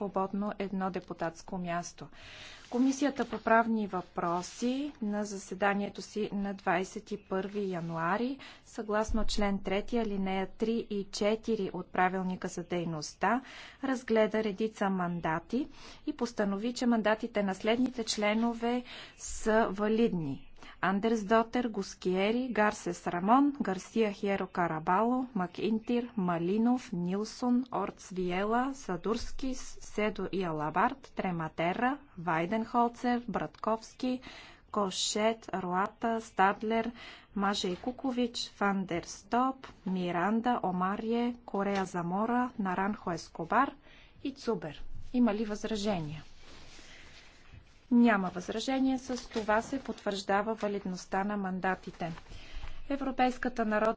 свободно едно депутатско място. Комисията по правни въпроси на заседанието си на 21 януари, съгласно член 3, алинея 3 и 4 от правилника за дейността, разгледа редица мандати и постанови, че мандатите на следните членове са валидни. Андерс Дотер, Гускиери, Гарсес Рамон, Гарсия Хиеро Карабало, Макинтир, Малинов, Нилсон, Орц Виела, Садурски, Седо и Алабарт, Трематера, Вайденхолцер, Братковски, Кошет, Руата, Стадлер, Мажей Кукович, Фандер Стоп, Миранда, Омарие, Корея Замора, Наранхо Ескобар и Цубер. Има ли възражения? Няма възражение. С това се потвърждава валидността на мандатите. Европейската народ